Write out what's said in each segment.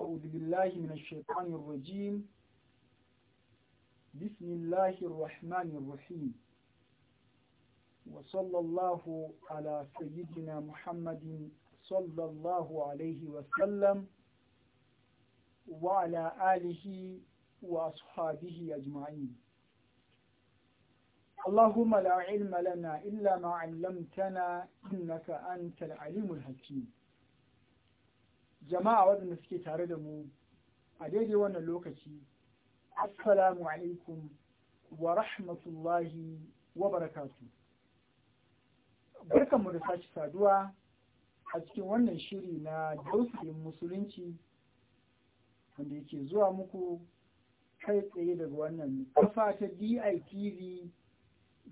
أعوذ بالله من الشيطان الرجيم بسم الله الرحمن الرحيم وصلى الله على سيدنا محمد صلى الله عليه وسلم وعلى آله وأصحابه أجمعين اللهم لا علم لنا إلا ما علمتنا إنك أنت العليم الحكيم jama'a waɗanda suke tare da mu a daidai wannan lokaci assalamu alaikum wa rahmatullahi wa barakatu barkanmu da sashi saduwa a cikin wannan shiri na dausayin musulunci wanda yake zuwa muku kai tsaye daga wannan kafa ta DITV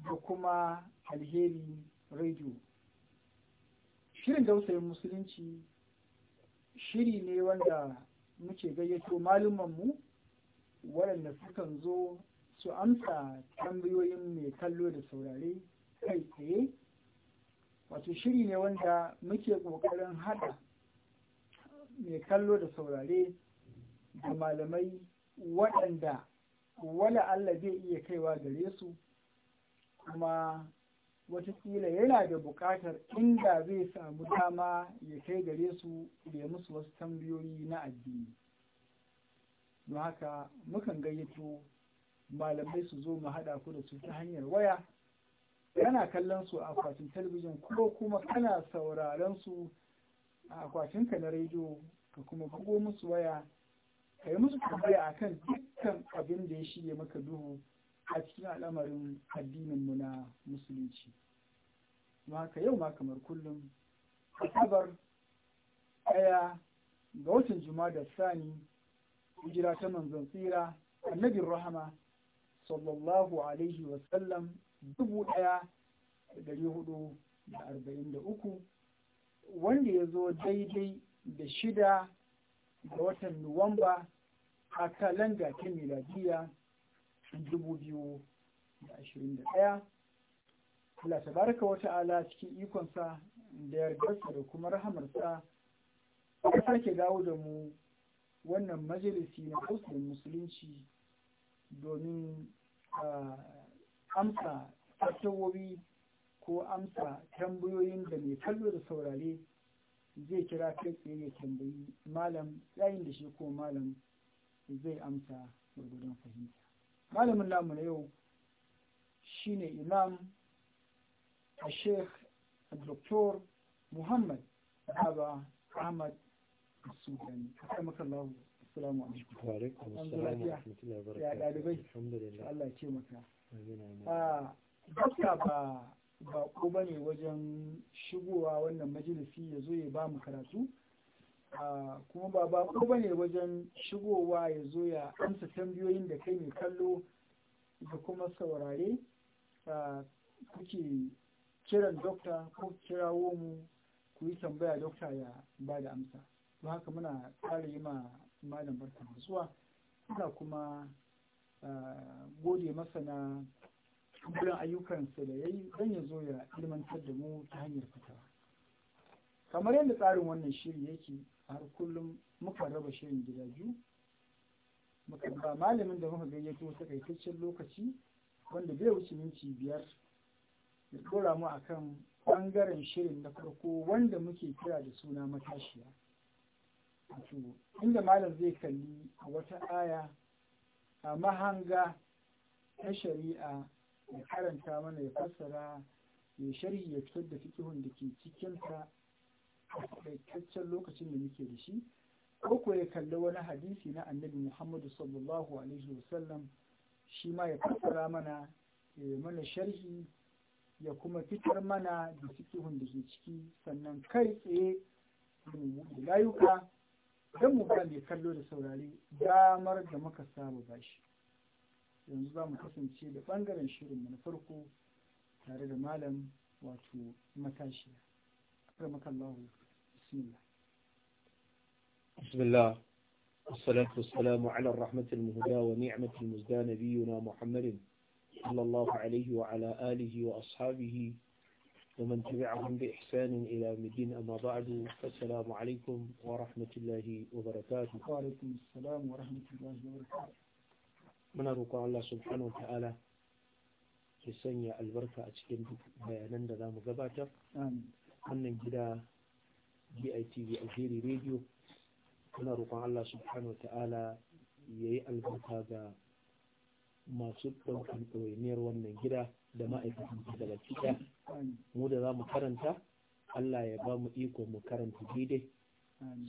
da kuma alheri radio shirin dausayin musulunci shiri ne wanda muke gayyato malumanmu waɗanda sukan zo su amsa tambayoyin mai kallo da saurare kai tsaye wato shiri ne wanda muke ƙoƙarin haɗa mai kallo da saurare da malamai waɗanda wala Allah zai iya kaiwa gare su kuma watakila yana da buƙatar inda zai samu dama ya kai gare su da ya musu wasu tambayoyi na addini don haka mukan gayyato malamai su zo mu haɗa ku da su ta hanyar waya kana kallon su a akwatin talabijin ko kuma kana sauraron su a akwatinka na rediyo ka kuma bugo musu waya ka yi musu tambaya akan dukkan abin da ya shige maka duhu a cikin al'amarin addininmu na musulunci haka yau ma kamar kullum asabar ɗaya ga watan Juma da sani hijira ta manzon tsira annabin rahama sallallahu alaihi wasallam dubu ɗaya da ɗari hudu da arba'in da uku wanda ya zo daidai da shida ga watan nuwamba a kalanda ta miladiya 2021 Allah tabaraka wa ta'ala cikin ikonsa da yardarsa da kuma rahamarsa ya sake dawo da mu wannan majalisi na kusurin musulunci domin amsa tattawowi ko amsa tambayoyin da mai kallo da saurare zai kira kai tsaye ya tambayi malam yayin da shi ko malam zai amsa gurgudan fahimta malamin namu na yau shine imam a sheikh dr muhammad aba ahmad sudani akwai assalamu alaikum ya dalibai Allah ce maka ah, a ba ba ko bane wajen shigowa wannan majalisi ya zo ya ba mu karatu kuma ba ba ko bane wajen shigowa ya zo ya amsa tambayoyin da kai mai kallo da kuma saurare kuke kiran dokta ko kirawo mu ku yi tambaya dokta ya ba da amsa don haka muna tsara yi ma malam barka zuwa muna kuma gode masa na wurin ayyukansa da ya yi don ya zo ya ilmantar da mu ta hanyar fitawa kamar yadda tsarin wannan shiri yake har kullum muka raba shirin gida biyu muka ba malamin da muka gayyato takaitaccen lokaci wanda bai wuce minti biyar ya dora mu akan ɓangaren shirin na farko wanda muke kira da suna matashiya wato inda malam zai kalli a wata aya a mahanga ta shari'a ya karanta mana ya fassara ya sharhi ya fitar da fikihun da ke cikinta takaitaccen lokacin da muke da shi ko ya kalli wani hadisi na annabi Muhammadu sallallahu alaihi wasallam shi ma ya fassara mana ya mana sharhi ya kuma fitar mana da fikihun da ke ciki sannan kai tsaye mu layuka don mu ba mai kallo da saurari damar da muka samu bashi yanzu za mu kasance da bangaren shirin na farko tare da malam wato matashiya. بسم الله بسم الله والصلاة والسلام على الرحمة المهدى ونعمة المزدى نبينا محمد صلى الله عليه وعلى آله وأصحابه ومن تبعهم بإحسان إلى مدين أما بعد فالسلام عليكم ورحمة الله وبركاته وعليكم السلام ورحمة الله وبركاته من أرقى الله سبحانه وتعالى في سنة البركة a بيانا bayanan da أمين mu gabatar BITV Algeria Radio muna roƙon Allah subhanahu wa ta'ala ya yi albarka ga masu ɗaukar ɗawainiyar wannan gida da ma'aikatan da baki mu da za mu karanta Allah ya ba mu iko mu karanta daidai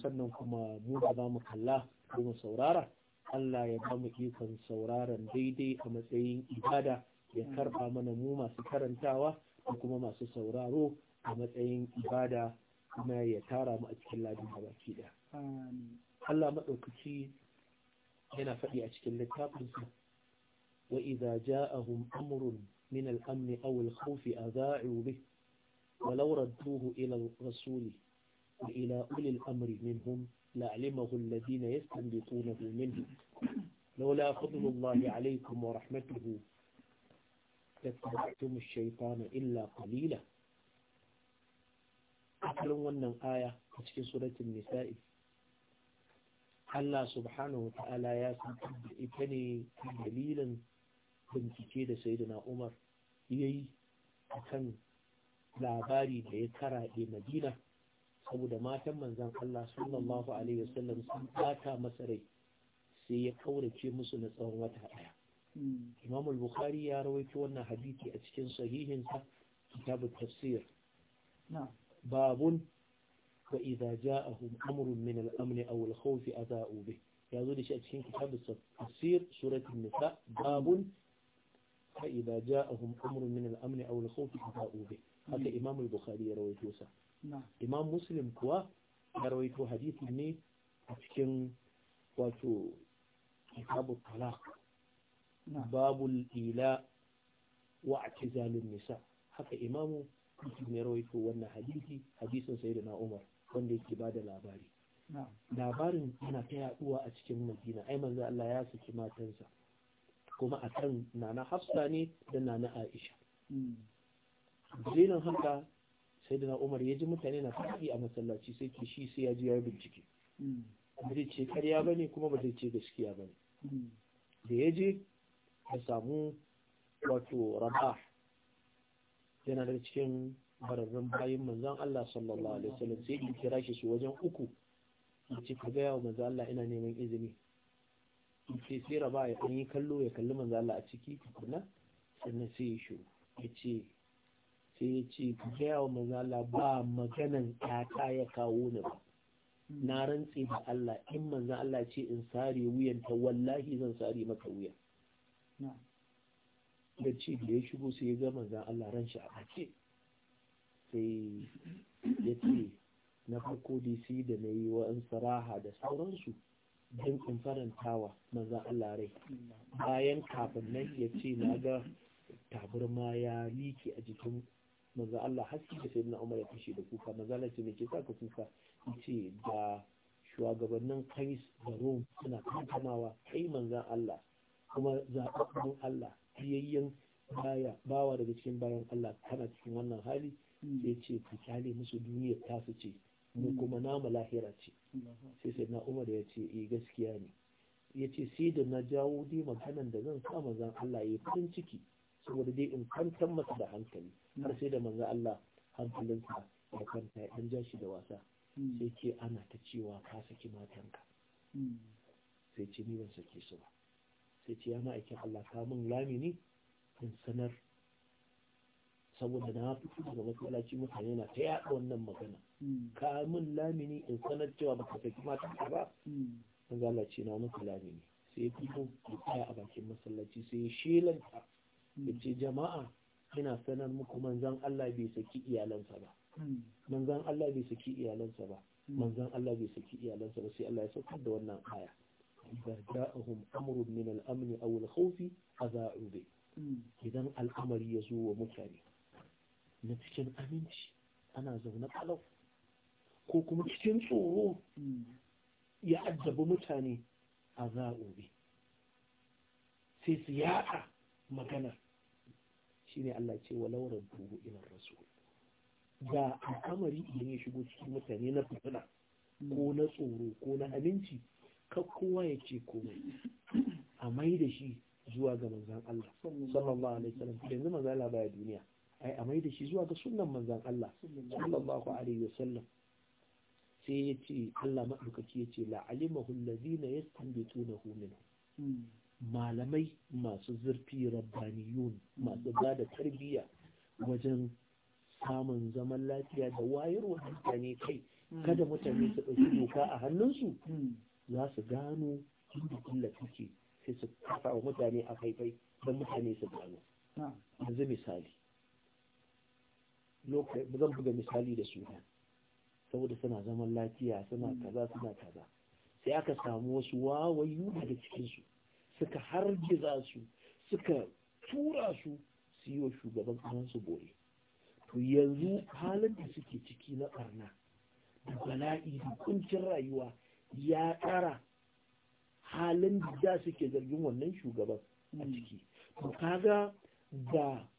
sannan kuma mu da za mu kalla ko mu saurara Allah ya ba mu ikon sauraron daidai a matsayin ibada ya karɓa mana mu masu karantawa da kuma masu sauraro a matsayin ibada kuma ya tara mu a cikin ladin a baki da Allah maɗaukaci yana faɗi a cikin littafinsa wa idza ja'ahum amrun min al-amn aw al-khawf adha'u bih ولو ردوه إلى الرسول وإلى أولي الأمر منهم لعلمه الذين يستنبطونه منه لولا فضل الله عليكم ورحمته لاتبعتم الشيطان إلا قليلا asalin wannan aya a cikin suratul nisa'i Allah subhanahu ta'ala ya san da ita ne dalilin bincike da sayyidina Umar yayi akan labari da ya karaɗe Madina saboda matan manzon Allah sallallahu alaihi wasallam sun bata masa rai sai ya kaurace musu na tsawon wata daya Imam al-Bukhari ya rawaito wannan hadisi a cikin sahihinsa kitabut tafsir na'am babun wa idza ja'ahum amrun min al-amn aw al-khawf adha'u bih yazo da shi a cikin kitabus tafsir suratul nisa babun fa idza ja'ahum amrun min al-amn aw al-khawf adha'u bih haka hmm. imam al-bukhari ya rawaito sa imam muslim kuwa ya rawaito hadisi ne a cikin wato kitabu talaq babul ila wa i'tizalun nisa haka imamu mutum ya rawaito wannan hadisi hadisin na Umar wanda yake bada labari labarin yana ta yaduwa a cikin Madina ai manzo Allah ya saki matansa kuma a kan nana Hafsa ne da nana Aisha hmm. dalilin haka da Umar ya ji mutane na faɗi a masallaci sai ke shi sai ya ji ya bincike hmm. ba zai ce karya bane kuma ba zai ce gaskiya bane hmm. da ya je ya samu wato rabah yana da cikin bararrun bayan manzan Allah sallallahu alaihi wasallam sai yi kira shi su wajen uku ce ka gaya wa manzan Allah ina neman izini sai sai raba ya yi kallo ya kalli manzan Allah a ciki tukuna sannan sai ya shiru yace sai ya ce ka gaya wa manzan Allah ba maganan ƙata ya kawo ni ba na rantse da Allah in manzan Allah ce in sare wuyan ta wallahi zan sare maka wuya da ci da ya shigo sai ya ga manzan Allah ran shi a ɓace sai ya ce na farko da sai da na yi wa'an saraha da sauransu don in farantawa manzan Allah rai bayan kafin nan ya ce na ga taburma ya liki a jikin manzan Allah haske da sai na umar ya kashe da kuka manzan Allah ce mai ke saka ka kuka ce da shugabannin kais da rom suna kankanawa kai manzan Allah kuma zaɓaɓɓen Allah biyayyen baya bawa daga cikin bayan Allah kana cikin wannan hali hmm. sai ce ku kyale musu duniyar tasu ce mu hmm. kuma nama lahira ce sai sai na umar ya ce eh gaskiya ne ya ce sai da na jawo dai maganan da zan sa manzan Allah ya farin ciki saboda dai in kwantar masa da hankali hmm. har sai da manzan Allah hankalinsa ya kwanta ya ɗan jashi da wasa sai ce ana ta cewa ka saki matanka sai ce ni ban sake su ba sai ce ya ma'aikin Allah ka min lamini in sanar saboda na fito daga masallaci mutane na ta yaɗa wannan magana hmm. ka min lamini in sanar cewa ba ka saki mata ka ba hmm. an zala ce na muku lamini sai ya fito da tsaya a bakin masallaci sai ya shelanta hmm. ya ce jama'a ina sanar muku manzan Allah bai saki iyalansa ba manzan Allah bai saki iyalansa ba manzan Allah bai saki iyalansa ba sai Allah ya saukar da wannan aya idza ja'ahum amrun min al-amn aw al idan al'amari ya zo wa mutane na cikin aminci ana zaune kalau ko kuma cikin tsoro ya addabi mutane a bi sai su yaɗa magana shine Allah ce walau rabbuhu ila rasu da al'amari idan ya shigo cikin mutane na fitina ko na tsoro ko na aminci ka kowa ya ce komai a mai da shi zuwa ga manzan Allah sallallahu alaihi wasallam yanzu manzan Allah baya duniya ai a mai da shi zuwa ga sunan manzan Allah sallallahu alaihi wasallam sai ya ce Allah maɗaukaki ya ce la'alimahu allazina yastanbitunahu minhu malamai masu zurfi rabbaniyun masu ba da tarbiyya wajen samun zaman lafiya da wayarwa mutane kai kada mutane su ɗauki doka a hannunsu za su gano inda illa take sai su kafa wa mutane a haifai don mutane su gano yanzu misali zan buga misali da suna saboda suna zaman lafiya suna mm. kaza suna kaza sai aka samu wasu wawayu da cikinsu suka hargiza su suka tura su su yi wa shugaban kanansu bore to yanzu halin da suke ciki na ɓarna da bala'i da kuncin rayuwa ya ƙara halin da suke zargin wannan shugaban a hmm. ciki to kaga da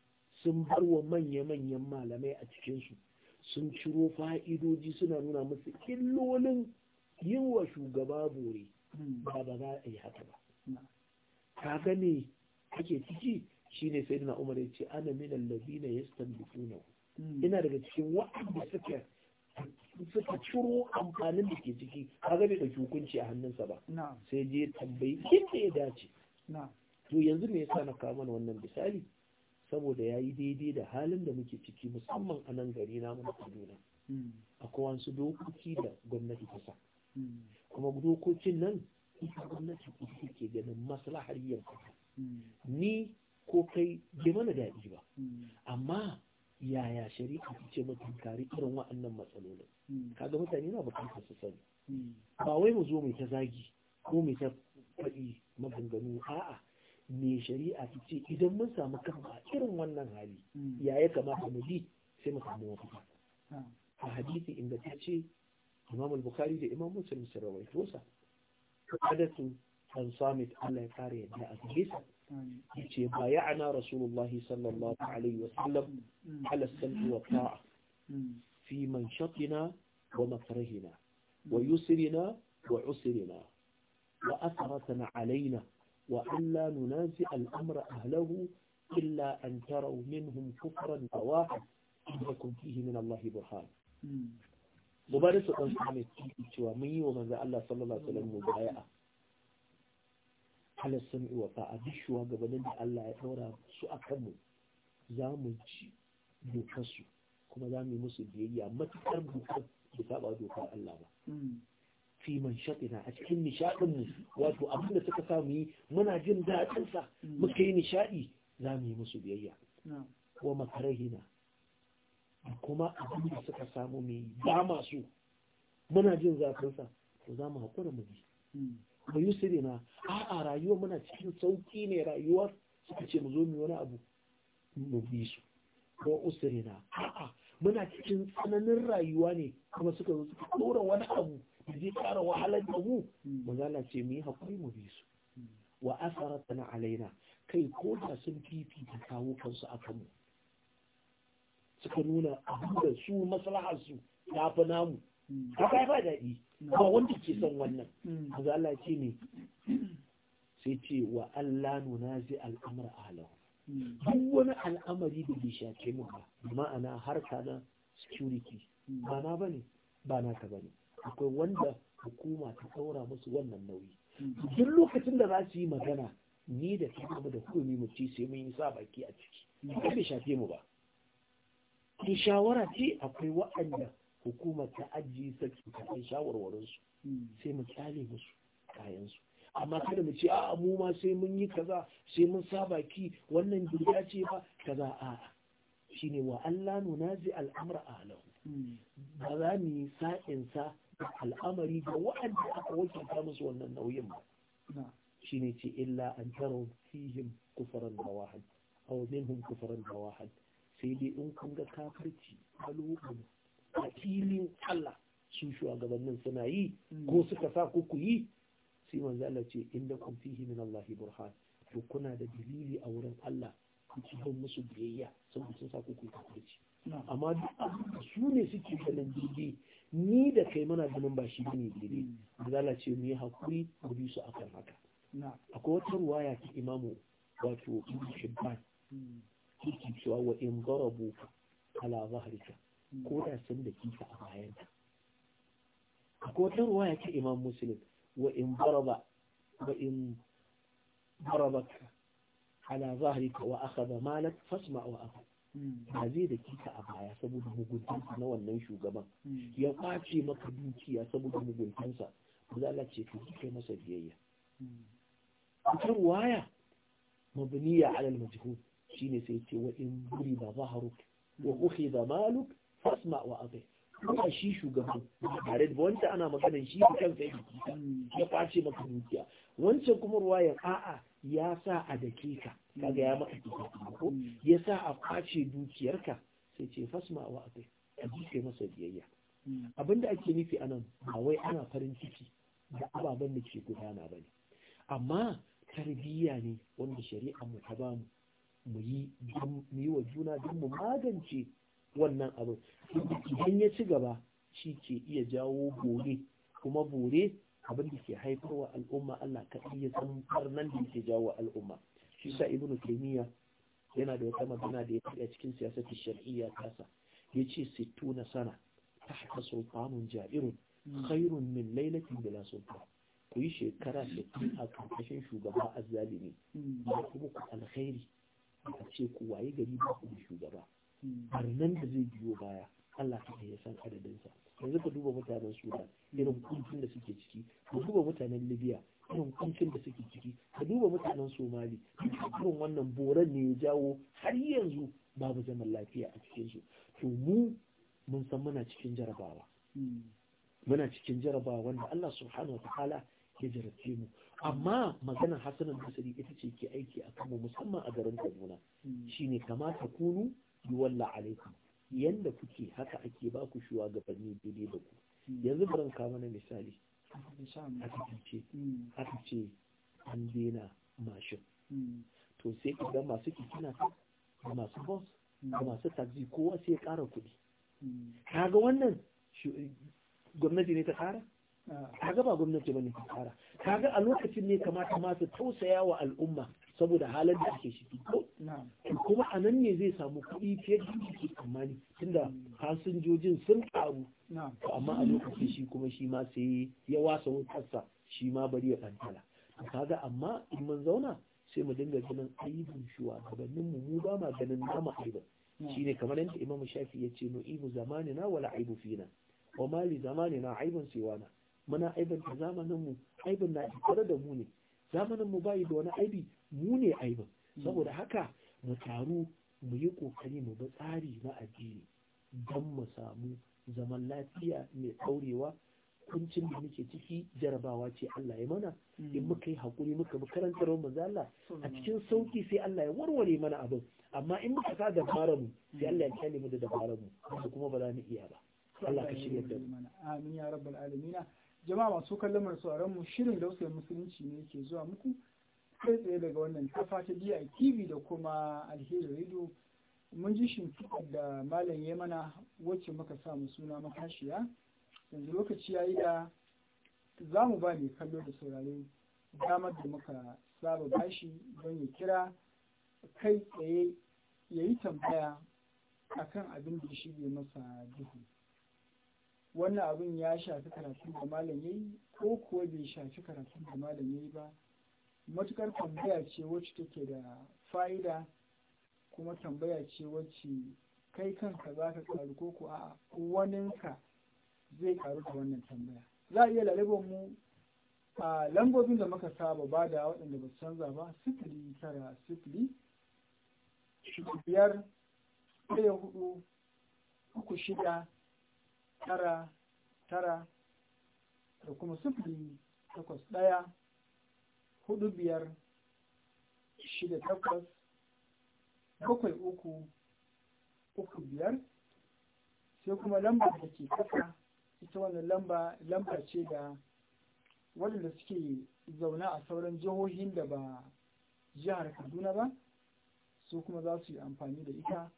sun bar wa manya-manyan malamai a cikinsu sun ciro fa'idoji suna nuna musu illolin yin wa shugaba bore hmm. ba ba za a yi haka ba kaga ne ake ciki shine sai na umar ya ce ana minan labina ya stambi hmm. ina daga cikin wa'anda suka suka ciro amfanin da ke ciki ga bai ɗauki hukunci a hannunsa ba sai je tambayi inda ya dace to yanzu me yasa na kawo mana wannan misali saboda ya yi daidai da halin da muke ciki musamman a nan gari na mana kaduna hmm. akwai wasu dokoki da gwamnati ta sa hmm. kuma dokokin nan ita gwamnati ita ke ganin maslahar yanka hmm. ni ko kai bai mana daɗi ba amma yaya shari'a ta ce mutum kari irin wa'annan matsalolin hmm. kaga mutane na bukatar su sani hmm. ba wai mu zo mai ta zagi ko mai ta faɗi maganganu a'a me shari'a ta ce idan mun samu kanmu a irin wannan hali hmm. ya ya kamata mu bi sai mu samu mafita a hadisi inda ta ce imam al-bukhari da imam muslim ya rawaito sa su an samit Allah ya kare yadda a gaisa چې بايعنا رسول الله صلى الله عليه وسلم على السمع والطاعة في منشطنا ومكرهنا ويسرنا وعسرنا وأثرة علينا وأن لا ننازع الأمر أهله إلا أن تروا منهم كفرا وواحد إنكم فيه من الله برهان مبارسة أنسانة تيكي تواميه ومن ذا الله صلى الله عليه وسلم مبايعه halar sami wa fa'a duk shugabannin da Allah ya ɗaura su a kanmu za mu ci dokarsu kuma za mu yi musu biyayya matuƙar dokar da ta ba dokar Allah ba hmm. fi man shaɗina a cikin nishaɗinmu wato abin da suka samu yi muna jin daɗinsa hmm. muka yi nishaɗi za mu yi musu biyayya wa makarahina kuma abin da suka samu mai ba masu muna jin zafinsa to za mu haƙura mu bi yi wa a a'a rayuwa muna cikin sauƙi ne rayuwar suka ce mu zo mu wani abu mu bi su wa usrina a'a muna cikin tsananin rayuwa ne kuma suka zo suka dora wani abu da zai kara wahalar da mu mazala ce mu yi hakuri mu bi su wa asaratana alaina kai ko da sun da kawo kansu a kanmu suka nuna abin da su maslahar su ya fi namu haka ba daɗi mm. ba wanda ke son wannan mm. maza Allah ce ne sai ce wa Allah nuna zai al'amur ahalahu mm. duk wani al'amari da bai shafe mu ba ma'ana harka na security ba na ne ba na ka ne akwai wanda hukuma ta ɗaura musu wannan nauyi duk lokacin da za su yi magana ni da ta kama da hukumi mu ci sai mun yi sa baki a ciki ba bai shafe mu ba in shawara ce akwai wa'anda hukumar ta ajiye saki ta shawarwarinsu sai mu kyale musu kayansu amma kada mu ce a'a mu ma sai mun yi kaza sai mun saba ki wannan duka ce ba kaza a'a shine wa Allah nunazi a alahu ba za mu yi sa'insa sa al'amari ga wa'anda aka wakilta musu wannan nauyin ba shine ce illa an taro fihim kufaran bawahan aw minhum kufaran bawahan sai dai in kun ga kafirci alubu a filin Allah su shugabannin suna yi hmm. ko suka sa ku ku yi sai manzo Allah ce inda kun fihi min Allah burhan to kuna da dalili a wurin Allah ku ci musu biyayya saboda sun sa ku ku kafirci amma su ne suke ganin jirgi ni da kai mana ganin ba shi ne daidai hmm. manzo Allah ce mu yi hakuri mu bi su akan haka akwai wata ruwaya ta imamu wato ibn shibban hmm. yake cewa wa in darabu ala zahrika ko da sun da a bayan ta akwai ruwa ya ce imam muslim wa in baraba wa in barabaka ala ka wa malak fasma wa aka. Hmm. ba zai da kika a baya saboda muguntansa na wannan shugaban hmm. ya kwace maka dukiya saboda muguntansa ba za a ce ka kai masa biyayya ita hmm. ruwaya mabniya ala al shine sai ce wa in buri ba zahruk wa ukhidha maluk asma wa abai kuma shi shugaban tare da wancan ana maganar shi da kansa ya ya kwace maka dukiya wancan kuma ruwayan a'a ya sa a dake ka kaga ya maka ko ya sa a kwace dukiyarka sai ce fasma wa abai a ji kai masa biyayya abinda ake nufi anan ba wai ana farin ciki da ababen da ke gudana ba ne amma tarbiyya ne wanda shari'a mu ta bamu mu yi wa juna don mu magance wannan abin idan ya ci gaba shi ke iya jawo bore kuma bore abin da ke haifarwa al'umma Allah kaɗai ya san nan da ke jawo al'umma shi sa ibn kimiyya yana da wata magana da ya faɗi cikin siyasar shar'iyya kasa ce sittuna sana tahta sultanun jabirun khairun min lailatin bila sultan ku yi shekara 60 a karkashin shugaba azzalimi ba kuma ku alkhairi a ce ku waye gari ba ku shugaba nan da zai biyo baya Allah ta ya san adadinsa yanzu ka duba mutanen Sudan irin kuncin da suke ciki ka duba mutanen Libya irin kuncin da suke ciki ka duba mutanen Somali irin wannan boran ne ya jawo har yanzu babu zaman lafiya a cikin su to mu mun san muna cikin jarabawa muna cikin jarabawa wanda Allah subhanahu wa ta'ala ya jarabce mu amma maganar hasanan basiri ita ce ke aiki a kanmu musamman a garin kaduna hmm. shine kamata kunu yuwalla alaikum yanda kuke haka ake ba ku shugabanni daidai da ku yanzu barin kama na misali hmm. aka ce an daina mashin hmm. to sai ka ga masu kikina da masu bus da hmm. masu taxi kowa sai ya kara kuɗi kaga wannan gwamnati ne ta kara ah. kaga ba gwamnati bane ta kara kaga a lokacin ne kamata masu tausaya wa al'umma saboda halar da ake ko kuma a nan ne zai samu kuɗi fiye da yake tsammani tunda mm. fasinjojin sun karu amma a lokacin shi kuma shi ma sai ya wasa wutarsa shi ma bari ya to kaga amma in mun zauna sai mu dinga ganin aibin shuwa gabanin mu mu ba ma ganin nama aibin shine kamar yadda imamu shafi ya ce nu'ibu zamanina wala aibu fina wa mali zamanina aibun siwana muna aibin ta zamanin mu aibin na tare da mu ne zamanin mu bayi da wani aibi mu ne aibin mm. saboda haka mu taru mu yi kokari mu bi tsari na addini don mu samu zaman lafiya mai ɗaurewa kuncin da muke ciki jarabawa ce Allah ya mana mm. in muka yi hakuri muka bi karantar manzo Allah a cikin sauki sai Allah ya warware mana abin amma in muka sa dabara mu sai mm. Allah ya kyale mu da dabara mu kuma ba za mu iya ba Allah ka shirya da mu amin ya rabbal alamin jama'a masu kallon mu sauraron mu shirin dausayin musulunci ne yake zuwa muku kai tsaye daga wannan kafa ta a tv da kuma alheri radio mun ji shimfiɗar da malam ya mana wacce muka samu suna makashiya yanzu lokaci ya yi da za mu ba mai kallo da saurare damar da muka saba bashi don ya kira kai tsaye ya yi tambaya a kan abin da shi shige masa duhu wannan abin ya shafi karatun da malam ya yi ko kuwa bai shafi karatun da malam ya yi ba matukar tambaya ce wacce take da fa'ida kuma tambaya ce wacce kai kanka za ka karu ko ko a waninka zai karu da wannan tambaya za a iya lalabar mu a lambobin da muka saba ba da waɗanda ba canza ba sifili tara sifili biyar ɗaya hudu uku shida tara tara da kuma sifili takwas ɗaya hudu biyar shida takwas bakwai uku uku biyar sai kuma lamba da ke kasa ita wannan lamba lamba ce da waɗanda suke zauna a sauran jihohin da ba jihar kaduna ba su kuma za su yi amfani da ita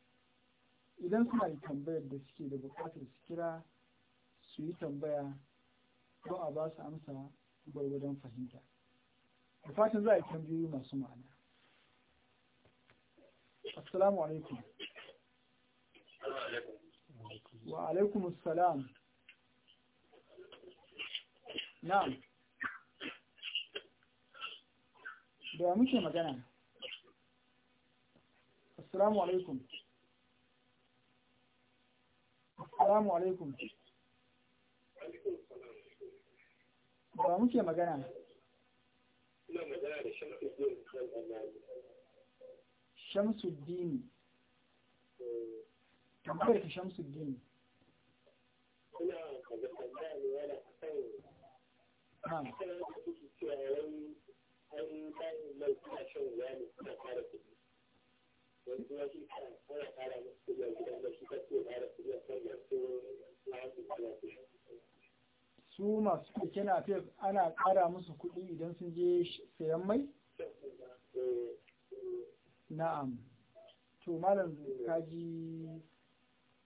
idan suna yi tambayar da suke da bukatar su kira su yi tambaya ko a ba su amsa gwargwadon fahimta da fatan za a yi tambayoyi masu ma'ana assalamu alaikum wa alaikum assalam na'am da muke magana assalamu alaikum assalamu alaikum da muke magana شمس الدين كم حرف شمس الدين نعم. su masu keke na ana kara musu kuɗi idan sun je sayan mai? Na'am. To, malam kaji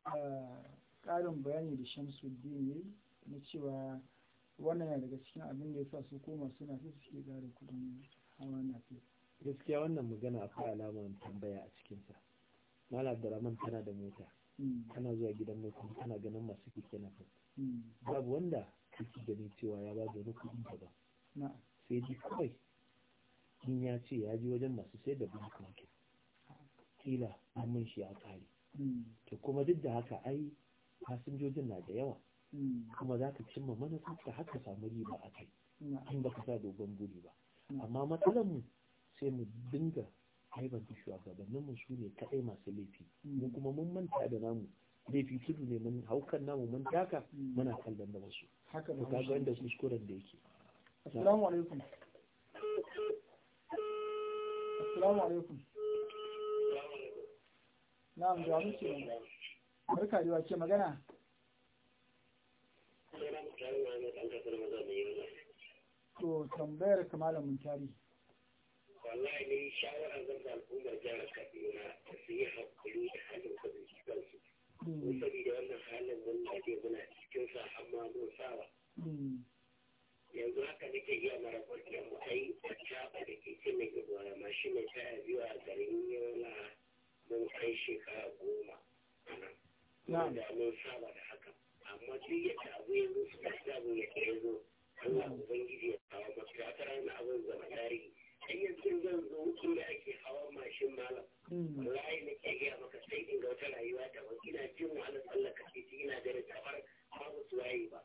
eh, ƙarin bayani da shamsu ne na cewa wannan yana daga cikin abin da ya sa su koma suna su suke ƙara kuɗin hawa na Gaskiya wannan magana akwai alamar tambaya a cikinsa. Malam Abdulrahman tana da mota. tana mm. zuwa gidan mai tana ganin masu kike na mm. Babu wanda kake ganin cewa ya ba da wani kuɗi daban sai ji kawai in ya ce ya ji wajen masu sai da bulk market kila amin shi ya kare hmm. to kuma duk da haka ai fasinjojin na da yawa hmm. kuma za ka cimma manufar ka haka samu riba a kai in ba ka sa dogon buri ba amma matsalar mu sai mu dinga haibanta shugabanninmu su ne kaɗai masu laifi mu hmm. kuma mun manta da namu laifi tudu ne mun haukan namu mun taka hmm. muna kallon da wasu haka ne ga inda kuskuren da yake assalamu alaikum assalamu alaikum na'am da muke barka da wace magana to tambayar kamala mun tari wallahi ne shawara zan da al'ummar jihar Kaduna su yi hakuri da halin kudin kansu Mm. saboda wannan halin mun dade muna cikin sa amma mun saba mm. yanzu haka nake iya mara kwanciyar mu ai a caɓa da ke cin da ma shi mai taya biyu a garin yola mun kai shekara goma da mun saba da haka amma duk ya abu ya zo suka sa mu ya zo Allah Ubangiji ya kawo mafita a ranar abin zama tarihi yancin zan zo inda ake hawan mashin malam hmm. wallahi na ke gaya maka sai in ga wata rayuwa da wani ina jin wahala sallah kace ci ina ganin kamar babu su waye ba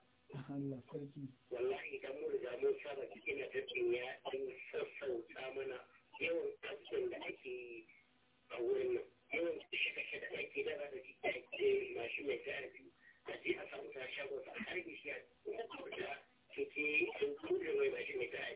Allah sarki wallahi idan mun riga mun saba cikin da take ya dan sassauta mana yawan kasin da ake a wurin nan yawan kashe-kashe da ake da da shi ake mashin mai tayar biyu a je a samu ta shagon sa a karbe shi a kuma kuma da ke ke an mai mashin mai tayar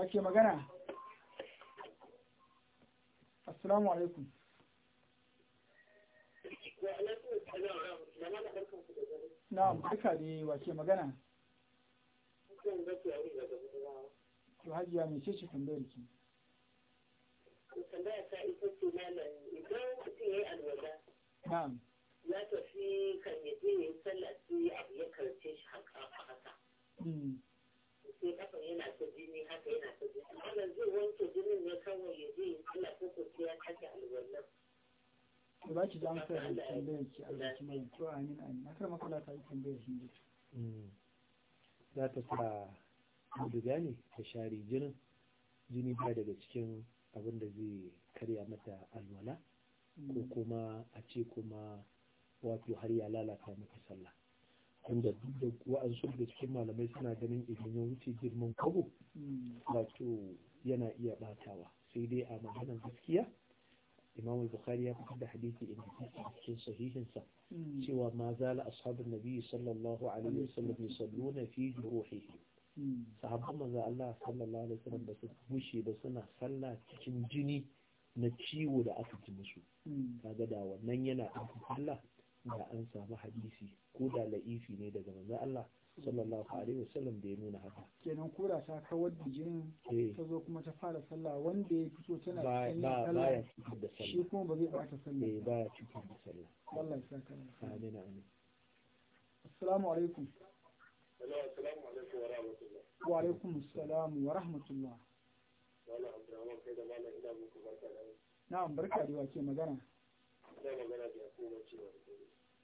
wake magana assalamu alaikum na'am duka ne wake magana to hajiya mai ce ce tambayar ki ya tafi kan yaje ya yi sallah sai abu ya karce shi haka haka hmm. sai kafan yana ta jini haka yana ta jini nan zai wanke jinin ne kawai ya je ya kalla ko ko ya kake alwallan ba ki da amsa da tambayar ki a baki mai to amin amin akar makala ta yi tambayar ne. Hmm. za ta sa auduga ne ta share jinin jini ba daga cikin abin da zai karya mata alwala ko hmm. kuma a ce kuma wato har ya lalata maka sallah tunda duk da wa'azu da cikin malamai suna ganin idan ya wuce girman kabo wato yana iya batawa sai dai a maganar gaskiya imam bukhari ya fitar da hadisi in cikin sahihinsa cewa ma zala ashabun nabi sallallahu alaihi wasallam yusalluna fi ruhihi sahabban manzo Allah sallallahu alaihi wasallam ba su bushe ba suna sallah cikin jini na ciwo da aka ji musu kaga da wannan yana ɗaukar Allah da an samu hadisi ko da la'ifi ne daga manzo Allah sallallahu alaihi wasallam da ya nuna haka kenan kura ta kawar da jinin eh. ta zo kuma ta fara sallah wanda ya fito tana cikin sallah shi kuma ba zai bata sallah eh baya cikin sallah wallahi saka amin amin assalamu alaikum wa alaikum assalam wa rahmatullah da barka da na'am barka da wake magana da magana da da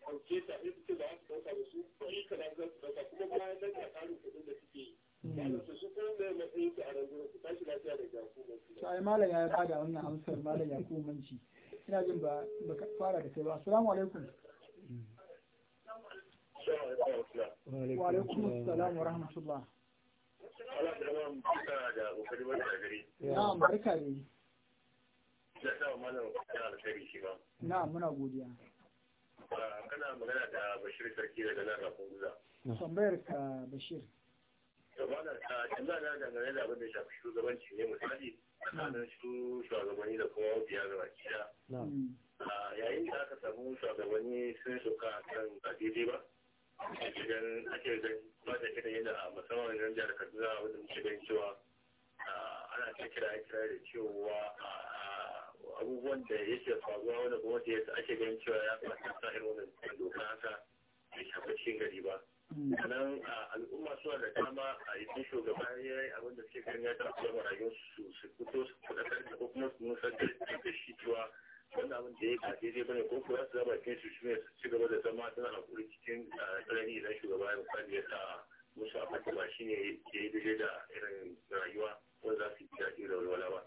ɗauke ta in suke su za su kuma bayan nan da suke yi hmm. su matsayin su a ranzunan su tashi lafiya da jakumanci. malam ya ba da wannan amsar malam ya ina jin ba ba fara da kai ba assalamu alaikum. wa alaikum assalam wa rahmatullah. Allah da ne. muna godiya. kana magana da bashir sarki daga nan rafunza tambayar ka bashir gabana ta canza na dangane da abin da shafi shugabanci ne misali tsakanin su shugabanni da kuma mabiya gaba kiya yayin da aka samu shugabanni sun soka kan ba daidai ba ake zan ba da kiran yadda musamman wajen jihar kaduna wajen muke cewa ana ta kira kira da cewa a abubuwan da yake faruwa wanda kuma da yasa ake ganin cewa ya fata sa wani wannan doka haka bai shafi cikin gari ba mm. sannan al'umma suna da dama a yi shugaba ya yi abin da suke ganin ya ta kuma rayuwar su su fito su kudatar da ko kuma su nusa da shi cewa wannan abin da ya ba daidai bane ko kuwa su zaba cikin su shine su ci gaba da zama suna hakuri cikin tsanani idan shugaba ya misali ya sa musu a fata ba shine ya yi daidai da irin rayuwa wanda za su yi daɗi da walwala ba.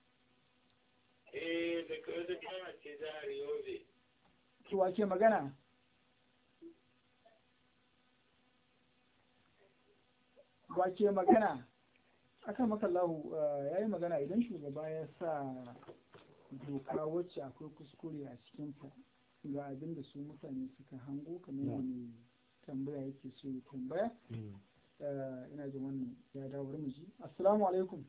Eh, da kawai da kama Ki wace magana? Wace magana? Aka maka lahu eh, ya yi magana idan shugaba ya sa doka wacce akwai kuskure a cikinta ga abin da su mutane suka hango kamar yadda tambaya yake so tambaya. Mm. Eh, ina jin wannan ya dawo mu ji. Assalamu alaikum.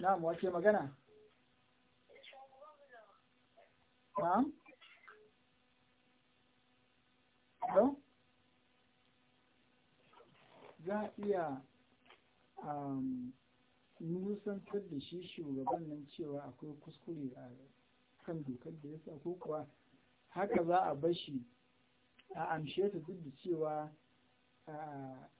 Na'am wake magana? Na'am? Hello? Za a iya um, nusantar da shi shugaban nan cewa akwai kuskure a kan dokar da ya sa ko kuwa haka za a bashi a amshe ta duk da cewa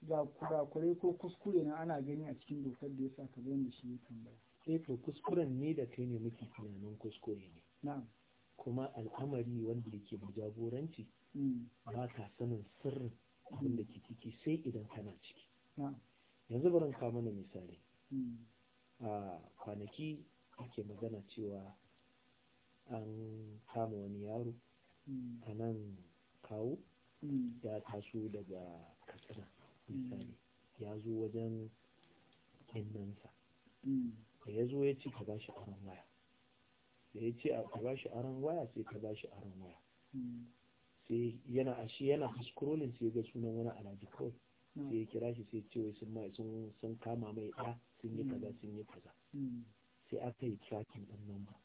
ga kurakurai ko kuskure na ana gani a cikin dokar da ya sa ka zai da shi ya tambaya. sai eh to kuskuren ne da kai ne muke tunanin kuskure ne kuma al'amari wanda yake da jagoranci mm. ba ka sanin sirrin abin da ke ciki sai idan kana ciki yanzu barin ka mana misali mm. a kwanaki ake magana cewa an kama wani yaro mm. a nan kawo ya taso daga katsina misali ya zo wajen innansa da ya zo ya ce ka bashi aron waya da ya ce ka bashi aron waya sai ka bashi aron waya sai yana a shi yana scrolling sai ga sunan wani alhaji kawai sai ya kira shi sai ce wai sun ma sun sun kama mai ɗa sun yi kaza sun yi kaza sai aka yi tracking ɗin namba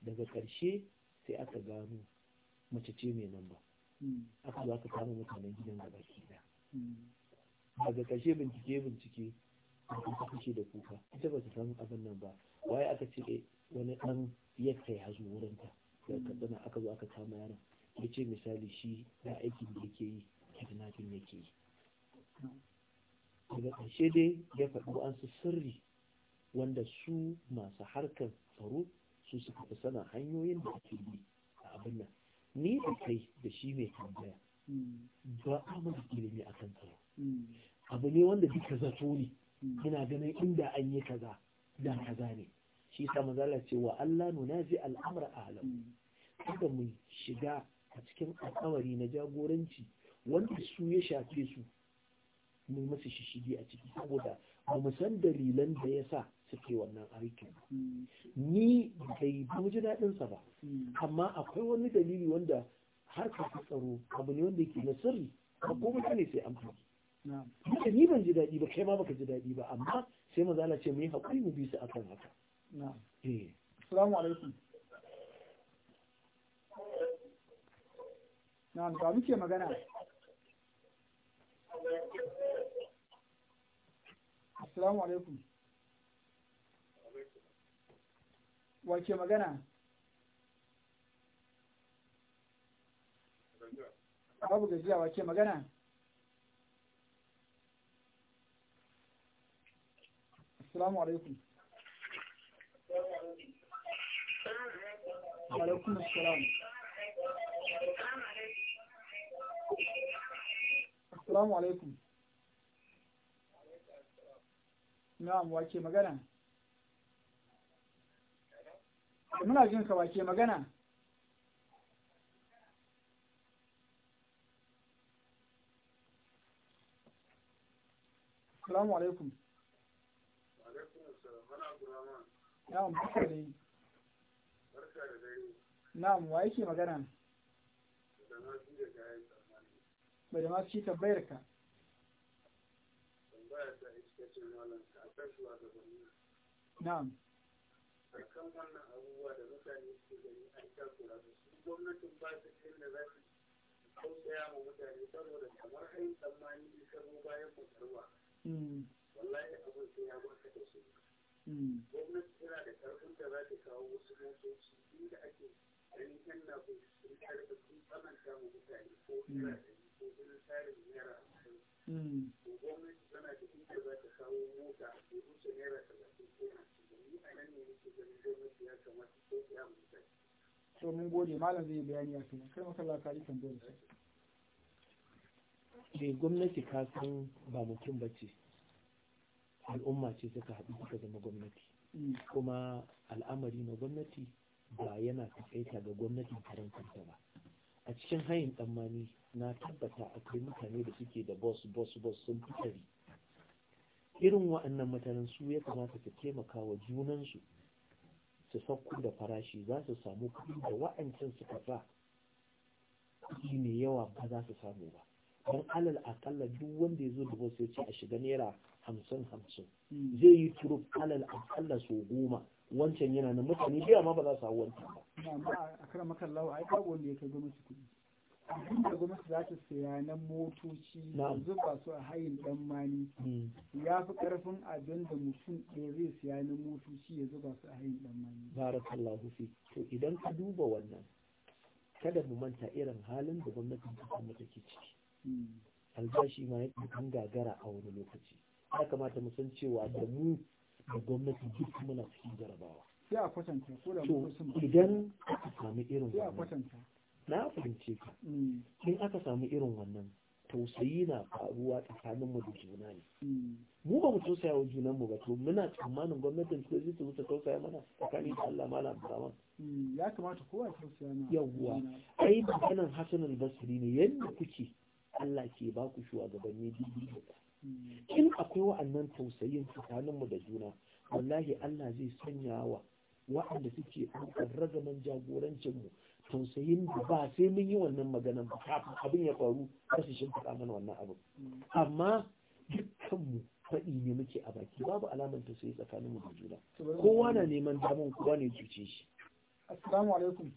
daga ƙarshe sai aka gano mace ce mai namba aka zo aka kama mutanen gidan gaba ki daga ƙarshe bincike bincike sun kasance da kuka ita ba ta samu abin nan ba waye aka ce eh, wani ɗan yadda ya zo wurin ta daga katsina aka zo aka kama yaron ya ce misali shi da aikin da yake yi kidnapping yake yi daga ƙarshe dai ya faɗi su sirri wanda su masu harkar tsaro su suka fi sana hanyoyin da ake bi a abin nan ni da kai da shi mai tambaya hmm. ba a mana ilimi a kan tsaro hmm. abu ne wanda duka zato ne ina ganin inda an yi kaza da kaza ne shi sa mazala ce wa Allah al'amur a ahlam mm. kada mu shiga a cikin al'amari na jagoranci wanda su ya shafe su mu masu shishigi a ciki saboda ba mu san dalilan da ya sa suke wannan aikin mm. ni bai mu ji daɗinsa ba mm. amma akwai wani dalili wanda har ka tsaro abu ne wanda yake na sirri ka ko ne sai an duka ni ban ji daɗi ba kai ma baka ji daɗi ba amma sai maza Allah ce mu yi haƙuri mu bi su akan haka eh. Salamu alaikum na'am ba muke magana assalamu alaikum ke magana babu gajiya ke magana Assalamu alaikum. Alaikum assalam. Assalamu alaikum. Na Na'am wake magana. Muna jin ka wake magana. Assalamu alaikum. Na'am, barka da yi. Na'am, wa yake magana? Da ma da kayan shi tambayar ka. Tambayar da ita ce malam ka da gwamna. Na'am. Akan wannan abubuwa da mutane suke gani an takura da su gwamnatin ba su kai da za su tausaya ma mutane saboda kamar ayin tsammani ka zo bayan mutarwa. Wallahi abin sai ya gwata da su. Hmm. gwamnati tana da karfin da za ta kawo wasu motoci da ake ganin yan labai sun karfi sun tsananta ma mutane ko kira hmm. naira yi ko wani tsarin naira hamsin ko hmm. gwamnati tana da inda za ta kawo mota ko wuce naira talatin ko hamsin domin a nan ne nake ganin gwamnati ya kamata ko ya mutane. to mun gode malam zai bayani a kuma kai masalla ka yi da eh, gwamnati ka san ba mutum ba ce al'umma ce suka haɗu suka zama gwamnati kuma al'amari na gwamnati ba yana takaita ga gwamnatin karan kanta ba a cikin hayin tsammani na tabbata akwai mutane da suke da bos bos bos sun fitari irin wa'annan mutanen su ya kamata su taimaka wa junansu su sauko da farashi za su samu kuɗi da wa'ancan su kafa kuɗi mai yawa ba za su samu ba don alal akalla duk wanda ya zo da bos ya ce a shiga naira hamsin hamsin zai yi turuf alal akalla so goma wancan yana na mutane biya ma ba za su hau wancan ba. a kara makar lawa ai babu wanda ya kai gwamnati kuɗi abin da gwamnati za ta saya na motoci zuba su a hayin dan mani hmm. ya fi karfin abin da mutum ɗaya zai saya na motoci ya zuba su a hayin dan mani. barakallahu fi to idan ka duba wannan kada mu manta irin halin da gwamnatin ta samu take ciki hmm. albashi ma ya kan gagara a wani lokaci ya kamata mu san cewa da mu da gwamnati duk muna cikin jarabawa Ya kwatanta ko da mutum idan aka samu irin wannan na fahimce ka mm. in aka samu irin wannan tausayi na faruwa tsakanin mu da juna ne mm. mu ba mu tausaya wa junan mu ba to muna tsammanin gwamnatin ta zai ta tausaya mana tsakanin da Allah malam Abdurrahman mm, ya kamata kowa ya tausaya mana yawwa ai maganan Hassan al-Basri ne yanda kuke Allah ke ba ku shugabanni duk in akwai wa'annan tausayin tsakaninmu da juna wallahi Allah zai sanya wa wa'anda suke ɗaukar ragaman jagorancinmu tausayin da ba sai mun yi wannan maganan ba kafin abin ya faru ba su shimfiɗa mana wannan abin amma dukkanmu faɗi ne muke a baki babu alamar tausayi tsakaninmu da juna kowa na neman damun kowa ne cuce shi assalamu alaikum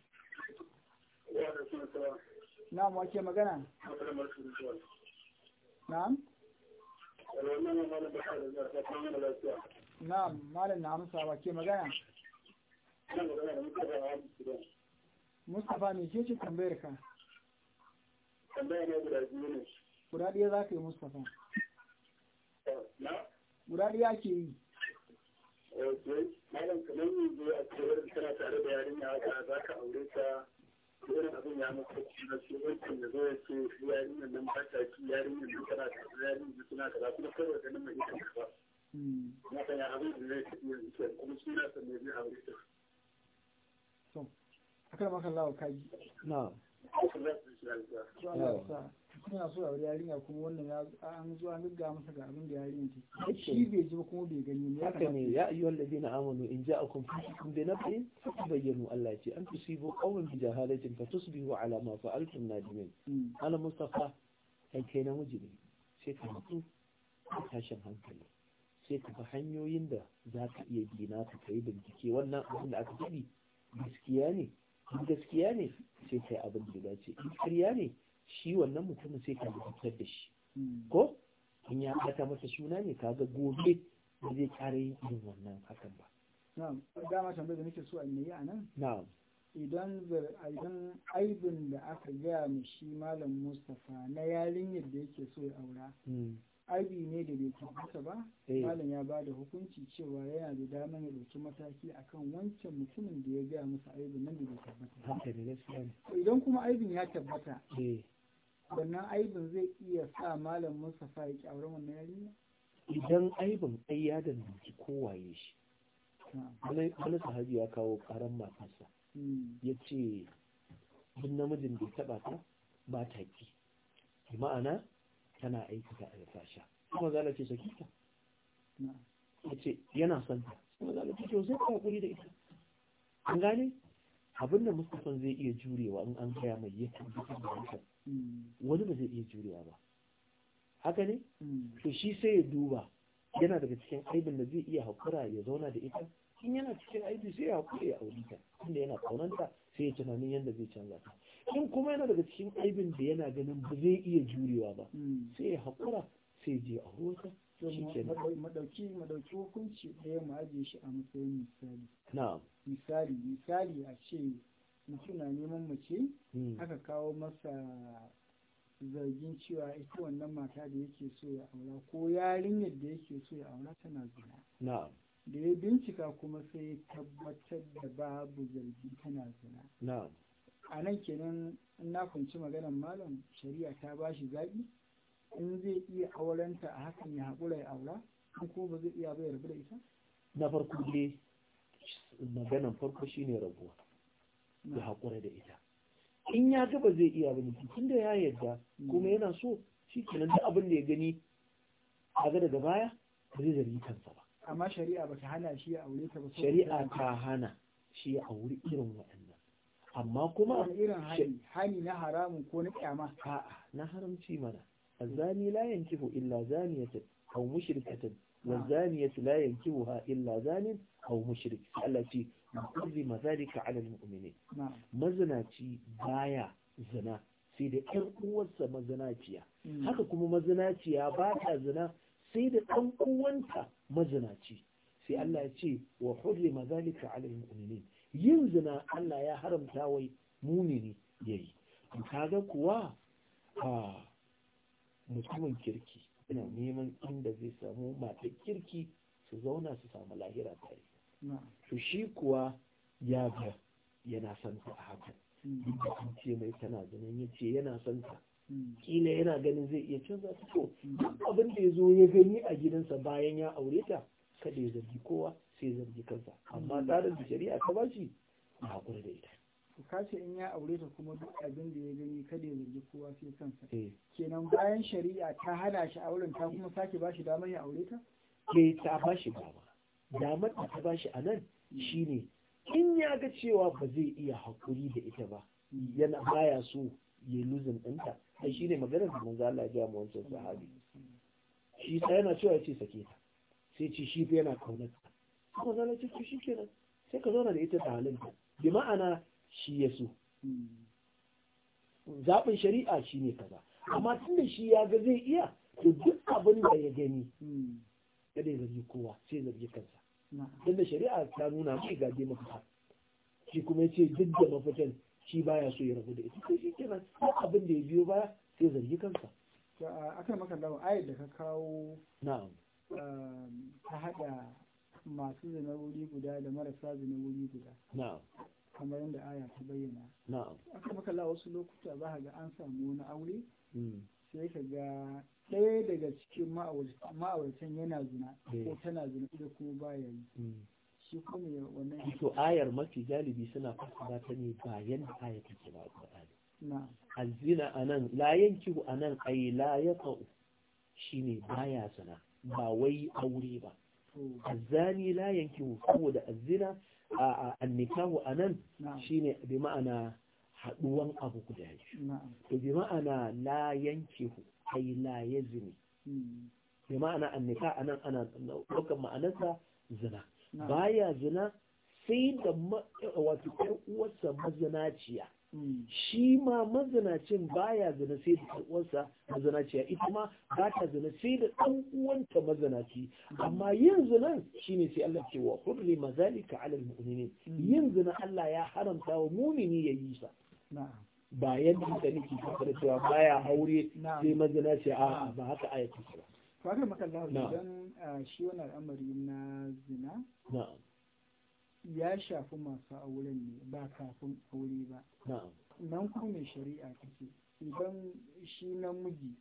na'am wake magana na'am na'am malam na amsa wa ke magana Mustapha ne ke ce tambayar ka? Tambayar ne guda biyu ne. Guda ɗaya za ka yi Mustapha. Guda ɗaya ke yi. Eh, malam kamar yanzu a cewar tana tare da yarinya haka za ka aure ta irin abin ya maka na su wancan da zai so shi nan ba ta ci nan nan kuma kawai nan mai na kan hmm. ya abin da zai ci yanzu ke kuma shi na ne a wurin kaji na'am Allah ya sa yana so aure yarinya kuma wannan ya an zo an gaggawa masa ga abin da yarinya ce shi bai ji kuma bai gani ne haka ne ya ayyuhal ladina amanu in ja'akum fasiqun bi nab'in fatabayyanu Allah ce an tusibu qawmin bi jahalatin fatusbihu ala ma fa'altum nadimin hmm. ala mustafa kai kai na ne sai ka mutu tashin hankali sai ka fa hanyoyin da za ka iya bi na ka kai bincike wannan abin da aka faɗi gaskiya ne gaskiya ne sai kai abin da dace in ƙarya ne shi wannan mutumin sai ka fitar da shi hmm. ko in ya ɓata masa suna ne kaga gobe da zai ƙara yin wannan hakan ba na'am dama tambayar da nake so a yi a nan na'am idan idan aibin da aka gaya mu shi malam Mustapha na yarin yadda yake so ya aura hmm. aibi ne da bai tabbata ba eh. malam ya ba da hukunci cewa yana da damar ya dauki mataki akan wancan mutumin da ya gaya musu aibin nan da bai tabbata idan kuma aibin ya tabbata eh. wannan aibin zai iya sa malam Mustapha ya kyaure wannan yarinya idan aibin ai ya danganci kowaye shi wani sahabi ya kawo karan matarsa hmm. ya ce duk namijin da taba ta ba ta ki ma'ana tana aiki ta alfasha kuma zala ce saki ta ya ce yana son ta kuma zala ce sai ka hakuri da ita an gane abin da mustafan zai iya jurewa in an gaya mai ya tabbatar da haka wani ba zai iya jurewa ba haka ne to shi sai ya duba yana daga cikin aibin da zai iya haƙura ya zauna da ita in yana cikin aibi sai ya haƙura ya auri ta inda yana ƙaunanta sai ya tunanin yadda zai canza ta in kuma yana daga cikin aibin da yana ganin ba zai iya jurewa ba hmm. sai ya haƙura, sai je a wata madauki madauki hukunci ɗaya mu ajiye shi a matsayin misali misali misali a ce mutum na neman mace hmm. aka kawo masa zargin cewa ita wannan mata da yake so ya aura ko yarinyar da yake so ya aura tana zina da ya bincika kuma sai ya tabbatar da babu zargi tana zina a nan kenan in na kunci maganar malam shari'a ta bashi zaɓi in zai iya aurenta a hakan ya haƙura ya aura in kuma ba zai iya ba ya rabu da ita na farko dai maganan farko shi ne rabuwa ya haƙura da ita in ya ga ba zai iya ba ne da ya yarda kuma yana so shi kenan da abin da ya gani a ga daga baya ba zai zargi kansa ba amma shari'a ba ta hana shi ya aure ta ba shari'a ta hana shi ya aure irin waɗannan amma kuma irin hani hani na haramun ko na kyama a'a na haramci mana الزاني لا ينكح إلا زانية أو مشركة والزانية لا ينكحها إلا زان أو مشرك التي حرم ذلك على المؤمنين مزناتي بايا زنا sai da ƴan uwarsa mazinaciya haka kuma mazinaciya ba ta zina sai da ɗan uwanta mazinaci sai Allah ya ce wa hurrima zalika ala al-mu'minin yin zina Allah ya haramta wai mumini yayi kaga kuwa a mutumin kirki ina neman inda zai samu matar kirki su zauna su samu lahira tare to shi kuwa ya ga yana son ta a hakan hmm. duk ce mai tana ganin ya ce yana son ta hmm. kila yana ganin zai iya canza ta to hmm. duk abin da ya zo ya gani a gidansa bayan ya aure ta kada ya zargi kowa sai ya zargi kansa amma tsarin da shari'a ta bashi ya haƙuri da ita to kace in ya aure ta kuma duk abin da ya gani kada ya zargi kowa sai kansa eh. kenan bayan shari'a ta hana shi auren ta kuma sake ba shi damar ya aure ta ke eh, ta ba shi ba damar da ta ba shi anan nan shine in ya ga cewa ba zai iya hakuri da ita ba yana baya so ya luzin ɗinta sai shi ne maganar da manzo Allah ya mu wancan sahabi shi sai yana cewa ya ce sake ta sai ce shi yana kaunar ta kuma zan shi kenan sai ka zauna da ita da ta bi ma'ana shi ya so hmm. zaɓin shari'a shi ne kaza amma tun da shi ya ga zai iya to duk abin da ya gani hmm. ya ya zargi kowa sai zargi kansa don da shari'a ta nuna mai gaje mafita shi kuma ce duk da mafitan shi baya so ya rabu da ita sai shi kenan duk abin da ya biyo baya sai zargi kansa akan maka dawo ayat da ka kawo na'am um, ta hada masu zinaruri guda da marasa zinaruri guda na'am kamar yadda aya ta bayyana aka la wasu lokuta za ga an samu wani aure hmm. sai ka ga ɗaya daga cikin ma'auratan yana zina ko hmm. tana zina ita kuma baya yi hmm. shi kuma wannan to ayar mafi galibi suna ba ta ne bayan da aya take ba Qur'ani na alzina anan la yankihu anan ay la shi shine baya zina ba wai aure ba azzani layan yankihu saboda azzina annikahu a nan shi ne bi ma'ana haɗuwan abu guda biyu to bi ma'ana la hu ai la ya zini hmm. bi ma'ana annika a nan ana ɗaukar ma'anarsa zina baya zina sai da wato ƴar uwarsa mazinaciya shi ma mazinacin baya zina sai da uwansa mazinaciya ita ma ba ta zina sai da ɗanuwanta uwanta mazinaci amma yin zinan ne sai Allah ce wa hurri ka alal mu'minin hmm. yin zina Allah ya haramta wa mu'mini ya yi sa ba yadda da ta kafar cewa baya aure sai mazinaci a ba haka ayatu ba. Fakar makallahu idan ah, shi al'amari na zina ya shafi masu auren ne ba kafin aure ba nan kuma shari'a take idan shi namiji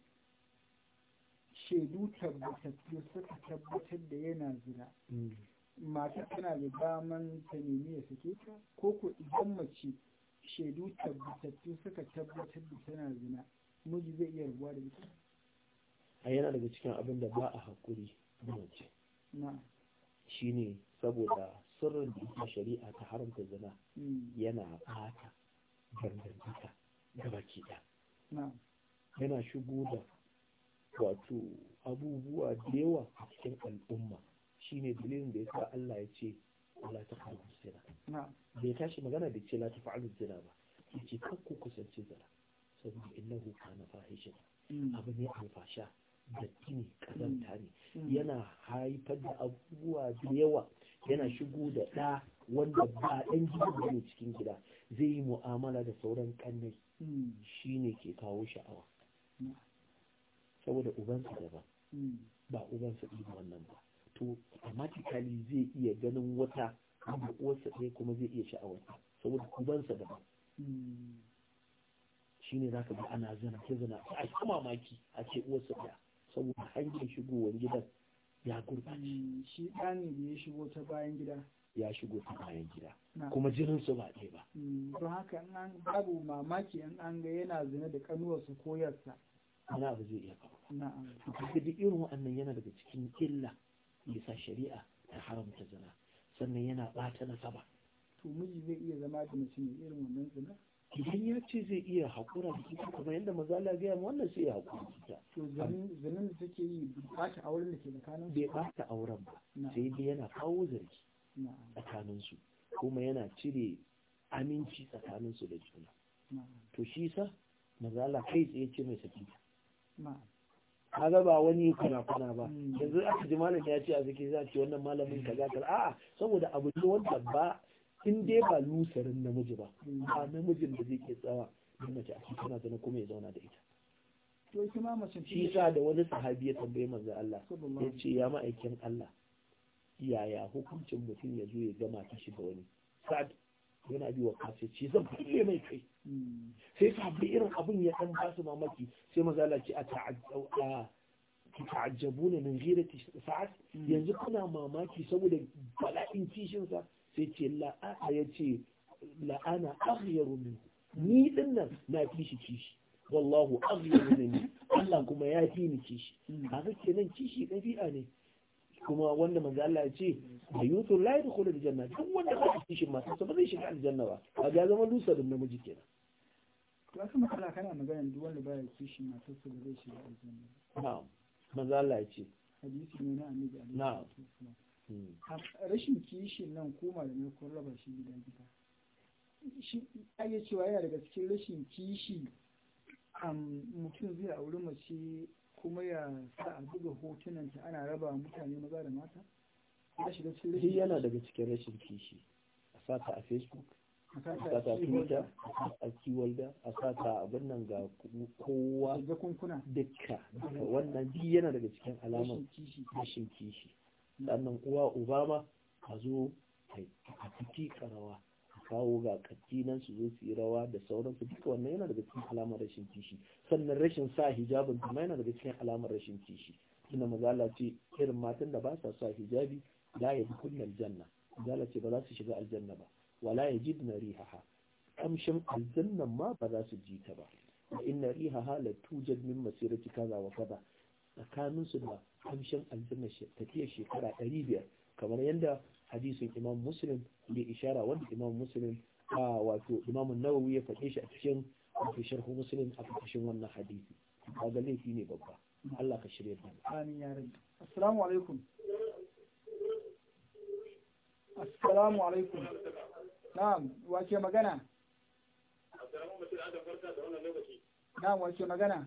shaidu tabbatattu suka tabbatar da yana zira mm. mata tana da daman ta nemi ya sake ta ko ko idan mace shaidu tabbatattu suka tabbatar da tana zina miji zai iya ruwa da ita a yana daga cikin abin da ba a haƙuri mace ne saboda sirrin da shari'a ta haramta zina hmm. yana bata dangantaka da baki ɗaya yana shigo da wato abubuwa da yawa a cikin al'umma shine dalilin da sa Allah ya ce Allah ta fa'alu zina bai tashi magana da ce la ta zina ba Ya ce, kan ku kusanci zina saboda innahu kana fahishin hmm. abu ne alfasha da tini kazanta ne hmm. yana haifar da abubuwa da yawa yana shigo da ɗa wanda ba ɗan gida ba ne cikin gida zai yi mu'amala da sauran kannai shi ne ke kawo sha'awa saboda ubansa daban ba ubansa ɗin wannan ba to automatically zai iya ganin wata amma uwarsa ɗaya kuma zai iya sha'awarsa saboda ubansa daban shi ne za ka bi ana zana ke zana a mamaki a ce uwarsa ɗaya saboda hanyar shigowar gidan ya gurbace shi ɗan da ya shigo ta bayan gida ya shigo ta bayan gida kuma jinin su ba ɗaya ba mm, don haka an babu mamaki an an ga yana zina da kanuwarsa ko yarsa ana abu zai iya duk irin wannan yana daga cikin illa bisa shari'a ta haramta zina sannan yana ɓata nasaba to miji zai iya zama da mutum irin wannan zina idan ya ce zai iya haƙura da ita kuma yadda maza la gaya mu wannan sai ya haƙura da ita to zanen da take yi ɓata auren da ke tsakanin bai ɓata auren ba sai dai yana kawo zargi tsakanin su kuma yana cire aminci tsakanin su da juna to shi sa maza la kai tsaye ce mai saki kaga ba wani kuna kuna ba mm. yanzu aka ji malam ya ce a zaki za a ce wannan malamin mm. kaza kaza a'a saboda abu ne wanda ba in dai ba lusarin namiji ba A namijin da zai ke tsawa da mace a tana zana kuma ya zauna da ita shi sa da wani sahabi ya tambaye manzo Allah ya ce ya ma'aikin Allah yaya hukuncin mutum ya zo ya gama ta shi da wani sa'ad yana bi wa kace zan fiye mai kai hmm. sai sahabbai irin abin ya dan ba su mamaki sai manzo Allah ce a ta'ajjau ta'ajjabuna min ghirati sa'ad hmm. yanzu kuna mamaki saboda bala'in kishin sai ce la'a ya ce la'ana aghyaru min ni din nan na fi shi kishi wallahu aghyaru min Allah kuma ya fi ni kishi haka kenan kishi dabi'a ne kuma wanda manzo Allah ya ce ayyutu la yadkhulu aljanna duk wanda ba shi ma sai ba zai shiga aljanna ba kaga zama lusa da namiji kenan Wasu asa makala kana magana duk wanda ya kishi ma sai ba zai shiga aljanna na'am manzo Allah ya ce hadisi ne na annabi na'am rashin kishin nan ko malamai ko raba shi gidan gida shi ayi cewa yana daga cikin rashin kishi mutum zai auri mace kuma ya sa a buga ta ana raba mutane maza da mata shi eh, yana daga cikin rashin kishi a sata a facebook a sata a twitter a kiwalda a sata a birnin ga kowa dukka wannan biyu yana daga cikin alamar rashin kishi Ɗannan uwa uba ma a zo a ciki karawa a kawo ga kakki nan su zo su yi rawa da sauran su. duka wannan yana daga cikin alamar rashin kishi sannan rashin sa hijabin kuma yana daga cikin alamar rashin kishi ina mazala ce irin matan da ba sa sa hijabi la ya kunna aljanna mazala ce ba za su shiga aljanna ba wala ya na rihaha kamshin aljannan ma ba za su ji ta ba inna rihaha la tujad min masirati kaza wa kaza tsakaninsu da hamshin aljanna tafiya shekara 500 kamar yadda hadisin imam muslim bai ishara wanda imam muslim a wato imam nawawi ya faɗe shi a cikin wato sharhu muslim a cikin wannan hadisi kaga laifi ne babba Allah ka shirya da amin ya rabbi assalamu alaikum assalamu alaikum na'am wace magana na'am wace magana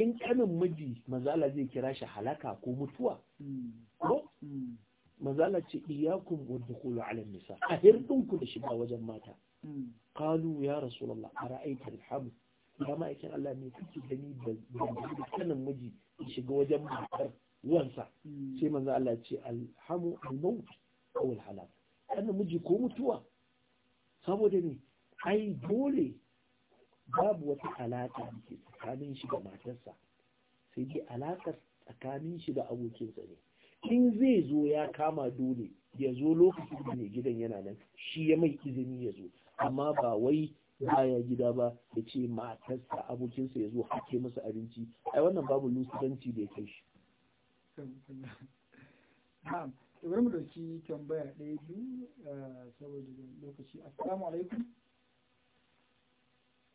in kanin miji mazala zai kira shi halaka ko mutuwa ko mazala ce iyakun wa dukhulu ala nisa a ku da shiga wajen mata qalu ya rasulullah a ra'aita alhamu ya yake Allah ne kike gani da kanin miji ya shiga wajen matar uwansa sai manzo Allah ce alhamu almaut aw alhalak kanin miji ko mutuwa saboda ne ai dole babu wata alaka da ke tsakanin shi da matarsa sai dai alaƙar tsakanin shi da abokinsa ne in zai zo ya kama dole ya zo lokacin da mai gidan yana nan shi ya mai izini ya zo amma ba wai baya gida ba ya ce matarsa abokinsa ya zo hake masa abinci ai wannan babu lusitanci da ya kai shi tambaya ɗaya biyu eh, saboda lokaci assalamu alaikum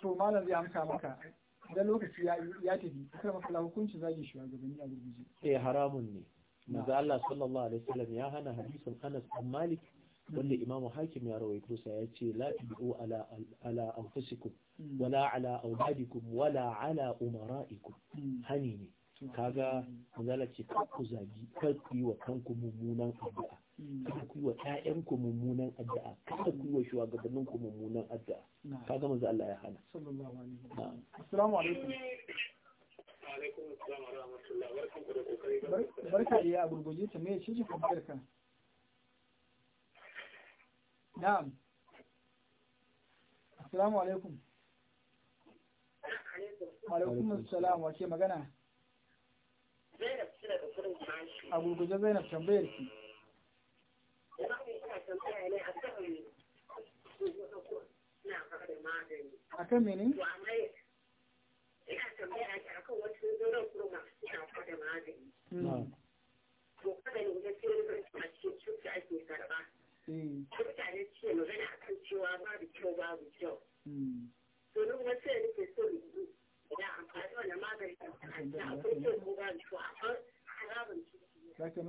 to malam zai amsa maka idan lokaci ya tafi kar maka hukunci zagi shi a gurguje eh haramun ne manzo Allah sallallahu alaihi wasallam ya hana hadisin Anas bin Malik wanda Imam Hakim ya rawaito sa ya ce la tu'u ala ala anfusikum hmm. wala ala auladikum wala ala umara'ikum hmm. hani ne kaga hmm. manzo Allah ce kar ku zagi kar ku yi wa kanku mummunan addu'a kada ku wa ƴaƴanku mummunan addu'a kada ku wa shugabannin ku mummunan addu'a Ka kaga manzo Allah ya hana sallallahu alaihi wasallam assalamu alaikum alaikum assalam wa rahmatullahi wa barakatuh barka da abu goje ta me shi ku barka na'am assalamu alaikum alaikum assalam wa ke magana Zainab kina da kurin bashi a gurguje Zainab tambayar ki a kan mene? Hmm. Hmm. Hmm. akan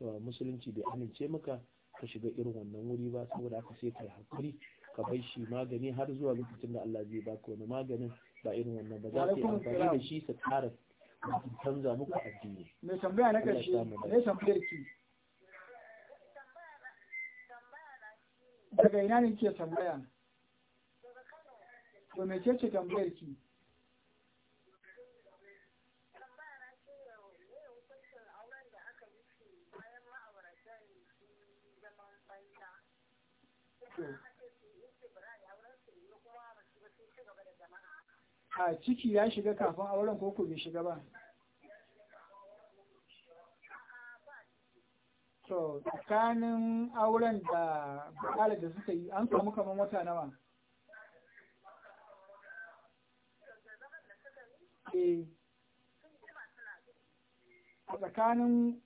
musulunci bai amince maka ka shiga irin wannan wuri ba saboda haka sai kai hakuri ka bai shi magani har zuwa lokacin da Allah zai baka wani maganin ba irin wannan ba za ka yi amfani da shi ka tsara canza muku addini. Me tambaya na ƙarshe Me tambayar ki. Daga ina ne ke tambaya? To me ce ce tambayar ki? a ciki ya shiga kafin auren ko bai shiga ba to tsakanin auren da bukala da suka yi an samu kamar wata nawa eh. a tsakanin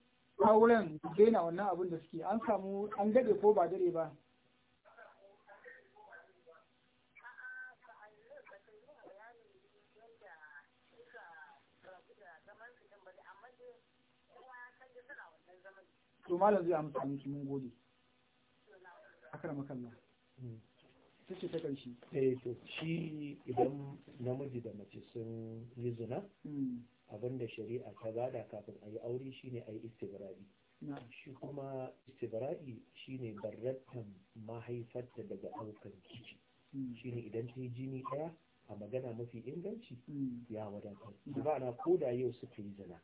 auren daina wannan abin da suke an samu an gade ko ba dare ba to malam zai amsa miki mun gode akrama kallah hmm. ta ce ta ƙarshe eh to shi idan namiji da mace sun yi zina hmm. abinda shari'a ta bada kafin a yi aure shine a yi shi kuma istibra'i shine barrattan mahaifarta daga aukan ciki hmm. shine idan ta yi jini ɗaya a magana mafi inganci ya wadatar ba na koda yau suka yi zina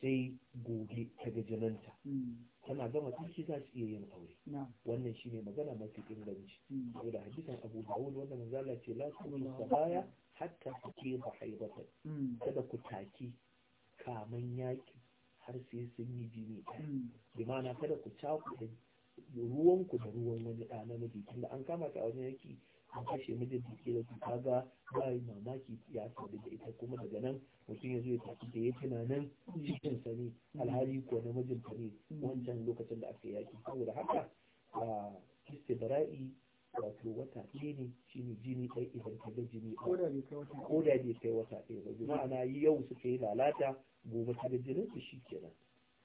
sai goge daga ta hmm. tana gama shi za su iya yin aure wannan shi ne magana mafi inganci hmm. saboda hadisan abu wani wanda manzala ce la ta baya hatta ke ba haibatan hmm. kada ku taki kaman yaki har sai sun yi jini bi mana kada ku cakuɗa ruwanku da ruwan wani ɗa namiji tunda an kama ta a wajen yaki an kashe mijin da ke da su kaga ba yi mamaki ya sadu da ita kuma daga nan mutum ya zo ya tafi da ya tunanin cikin sa ne alhali ko na mijinta ne wancan lokacin da aka yaki saboda haka a istibra'i wato wata ɗaya ne shi ne jini ɗaya idan ka ga jini ko da bai kai wata ɗaya ba ma'ana yau suka yi lalata gobe ta ga jinin su shi kenan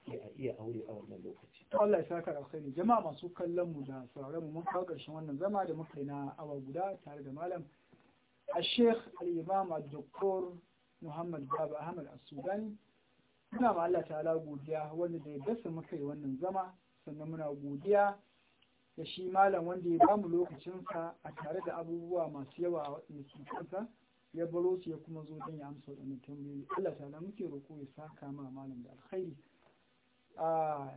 a iya aure a wannan lokaci Allah ya saka alkhairi jama'a masu kallon mu da sauraron mu mun kawo ƙarshen wannan zama da muka yi na awa guda tare da malam الشيخ الإمام الدكتور Muhammad Baba Ahmad As-Sudani muna ma Allah ta'ala godiya wanda da ya dasa muka yi wannan zama sannan muna godiya da shi malam wanda ya bamu lokacinsa a tare da abubuwa masu yawa a waɗanda su ya baro su ya kuma zo don ya amsa waɗannan tambayoyi Allah ta'ala muke roƙo ya saka ma malam da alkhairi a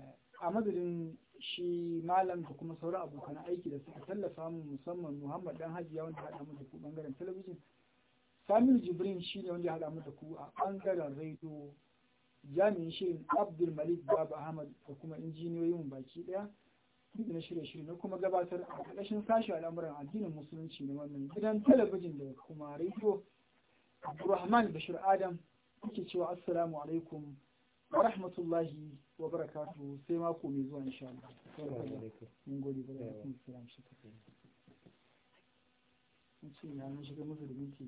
madadin shi malam da kuma sauran abokan aiki da suka tallafa mu musamman muhammad dan hajiya wanda haɗa mu da ku bangaren talabijin samir jibrin shi ne wanda haɗa mu da ku a bangaren rediyo jami'in shirin abdul malik babu ahmad da kuma injiniyoyin baki ɗaya duk na shirye shirye na kuma gabatar a ƙarƙashin sashi al'amuran addinin musulunci na wannan gidan talabijin da kuma rediyo abdulrahman bashir adam muke cewa assalamu alaikum wa rahmatullahi wa barakatu sai mako mai zuwa insha Allah mun gode ba ya shiga musu